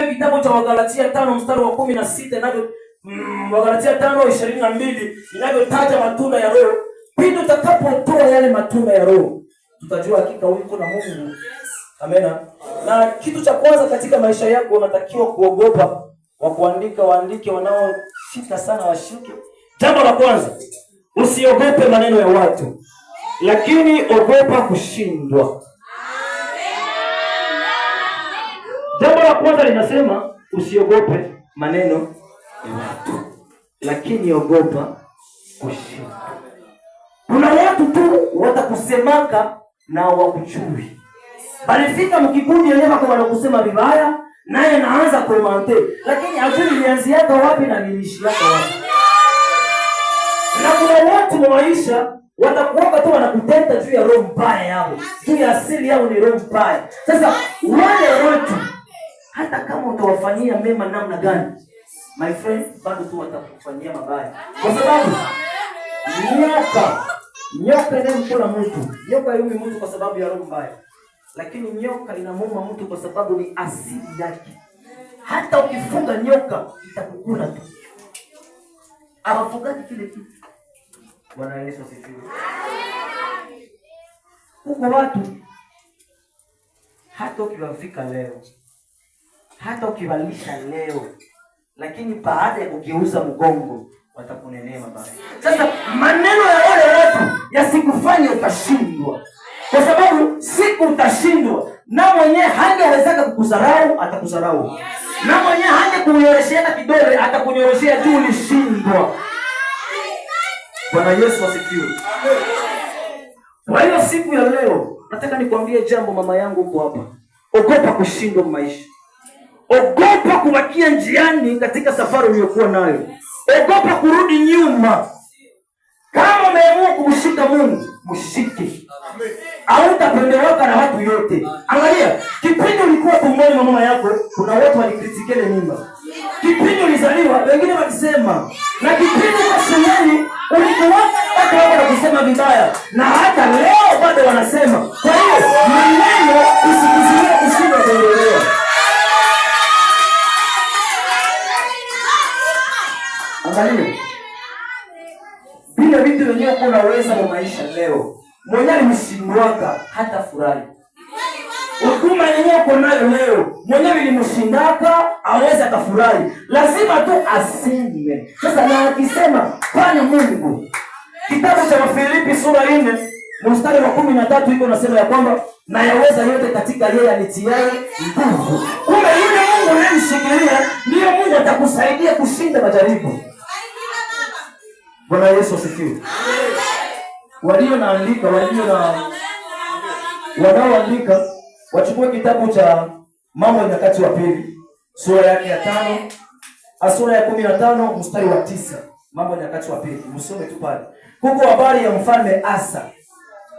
Angalia kitabu cha Wagalatia tano mstari wa kumi na sita inavyo mm, Wagalatia tano ishirini na mbili inavyotaja matunda ya Roho. Pindi tutakapotoa yale matunda ya Roho, tutajua hakika uko na Mungu. Amena. Na kitu cha kwanza katika maisha yako unatakiwa kuogopa wa kuandika waandike wanaoshika sana washike. Jambo la kwanza, usiogope maneno ya watu, lakini ogopa kushindwa. Jambo la kwanza linasema usiogope maneno ya watu, lakini ogopa kushindwa. Kuna watu tu watakusemaka na wakuchui, balifika mkikundi yenyewe kwa wanakusema vibaya, naye naanza kuemante lakini ajui nilianziaka wapi na yako wapi. Na kuna watu wa maisha watakuoka tu wanakutenta juu ya roho mbaya yao, juu ya asili yao ni roho mbaya. Sasa wale watu hata kama utawafanyia mema namna gani, my friend, bado tu watakufanyia mabaya, kwa sababu nyoka, nyoka inayemkula mtu, nyoka yumi mtu kwa sababu ya roho mbaya, lakini nyoka inamuma mtu kwa sababu ni asili yake. Hata ukifunga nyoka itakukula tu. Hawafugaji kile kitu. Bwana Yesu asifiwe. Huko watu hata ukiwafika leo hata ukibadilisha leo, lakini baada ya kugeuza mgongo watakunenema mabaya. Sasa maneno ya wale watu yasikufanye utashindwa, kwa sababu siku utashindwa, na mwenyewe hangewezaka kukusarau atakusarau, na mwenyewe hangekunyoroshea kidole atakunyoroshea juu ulishindwa. Bwana Yesu asifiwe. Kwa hiyo siku ya leo nataka nikwambie jambo, mama yangu uko hapa, ogopa kushindwa maisha Ogopa kubakia njiani katika safari uliyokuwa nayo. Ogopa kurudi nyuma. Kama umeamua kumshika Mungu, mshike. Hautapendeweka na watu yote. Angalia, kipindi ulikuwa tumboni mama yako, kuna watu walikritikele vitu vingine kuwa na maisha leo. Mwenye alimshindwaka hata furahi. Huduma yenyewe uko nayo leo. Mwenye ilimshindaka aweza kafurahi. Lazima tu aseme. Sasa na akisema pana Mungu. Kitabu cha Wafilipi sura 4 mstari wa 13 iko nasema ya kwamba na yaweza yote katika yeye anitiaye nguvu. Kumbe yule Mungu unayemshikilia ndiyo Mungu atakusaidia kushinda majaribu. Bwana Yesu asifiwe. Walio naandika walio na wanaoandika wachukue kitabu cha Mambo ya Nyakati wa Pili sura yake ya tano sura ya kumi na tano mstari wa tisa Mambo ya Nyakati wa Pili, msome tu pale. Huko habari ya mfalme Asa,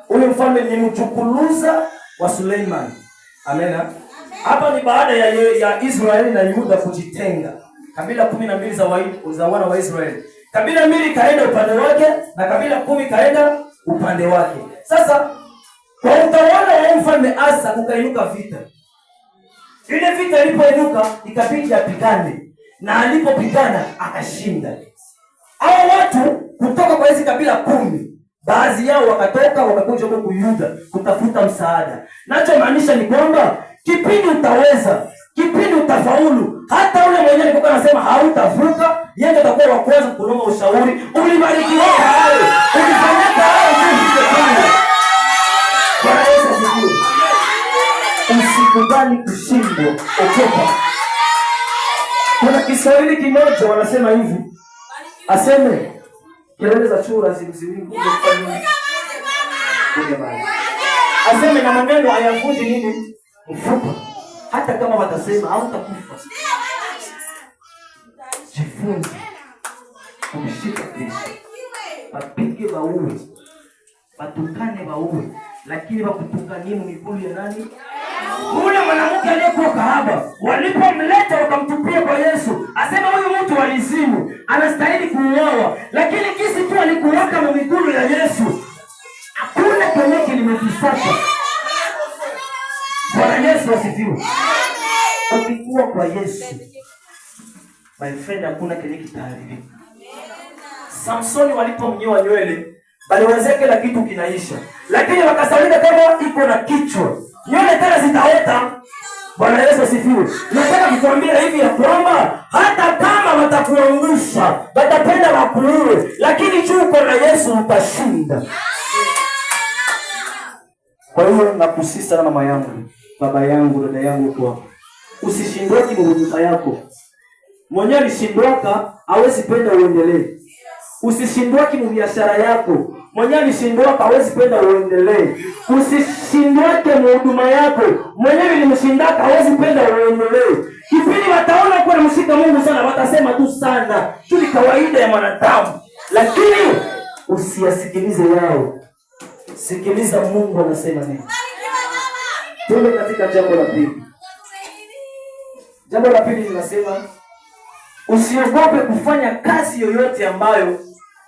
huyu mfalme ni mchukuluza wa Suleiman. Amena. Hapa ni baada ya, ya Israeli na Yuda kujitenga, kabila kumi na mbili za, wa, za wana wa Israeli kabila mbili kaenda upande wake na kabila kumi kaenda upande wake. Sasa kwa utawala wa mfalme Asa kukainuka vita. Ile vita ilipoinuka ikabidi apigane, na alipopigana akashinda. Hao watu kutoka kwa hizi kabila kumi baadhi yao wakatoka wakakuja huko Yuda kutafuta msaada. Nachomaanisha ni kwamba kipindi utaweza, kipindi utafaulu, hata ule anasema hautavuka, yeye atakuwa wa kwanza kukuomba ushauri. Ulibarikiwa hayo, ulifanyika hayo, Bwana Yesu asifiwe. Usikubali kushindwa, okoka. Kuna Kiswahili kimoja wanasema hivi, aseme kelele za chura zimziwingu aseme na maneno hayavunji nini mfupa, hata kama watasema hautakufa wanafunzi kumshika Kristo, wapige wauwe, watukane wauwe, lakini wakutukanie miguu ya nani? Ule mwanamke aliyekuwa kahaba walipomleta wakamtupia kwa Yesu, asema huyu mtu walizimu anastahili kuuawa, lakini kisi tu alikuwaka na ya Yesu. Hakuna keleke limetusaka. Bwana Yesu asifiwe. Ukikuwa kwa Yesu My friend, hakuna kitaharibika. Samsoni walipomnyoa nywele, baliwaza na kitu kinaisha, lakini wakasalika kama iko na kichwa, nywele tena zitaota. Bwana Yesu asifiwe. Nataka kukuambia hivi ya kwamba hata kama watakuangusha, watapenda wakuue, lakini juu uko na Yesu utashinda. Kwa hiyo nakusii sana, mama yangu, baba yangu, dada yangu, kwa usishindwaji mhuduma yako Mwenye alishindoka hawezi penda uendelee. Usishindoki mu biashara yako. Mwenye alishindoka hawezi penda uendelee. usishindwake mu huduma yako. Mwenye nilimshindaka hawezi penda uendelee. Kipindi wataona kuwa namshika Mungu sana, watasema tu sana. Tu ni kawaida ya mwanadamu. Lakini usiyasikilize yao. Sikiliza Mungu anasema nini. Tuende katika jambo la pili. Jambo la pili linasema Usiogope kufanya kazi yoyote ambayo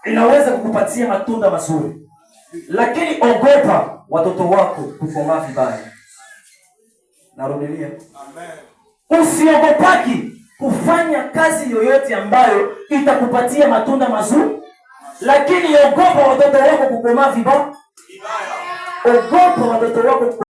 inaweza kukupatia matunda mazuri, lakini ogopa watoto wako kukomaa vibaya. Narudilia, usiogopaki kufanya kazi yoyote ambayo itakupatia matunda mazuri, lakini ogopa watoto wako kukomaa vibaya. Ogopa watoto wako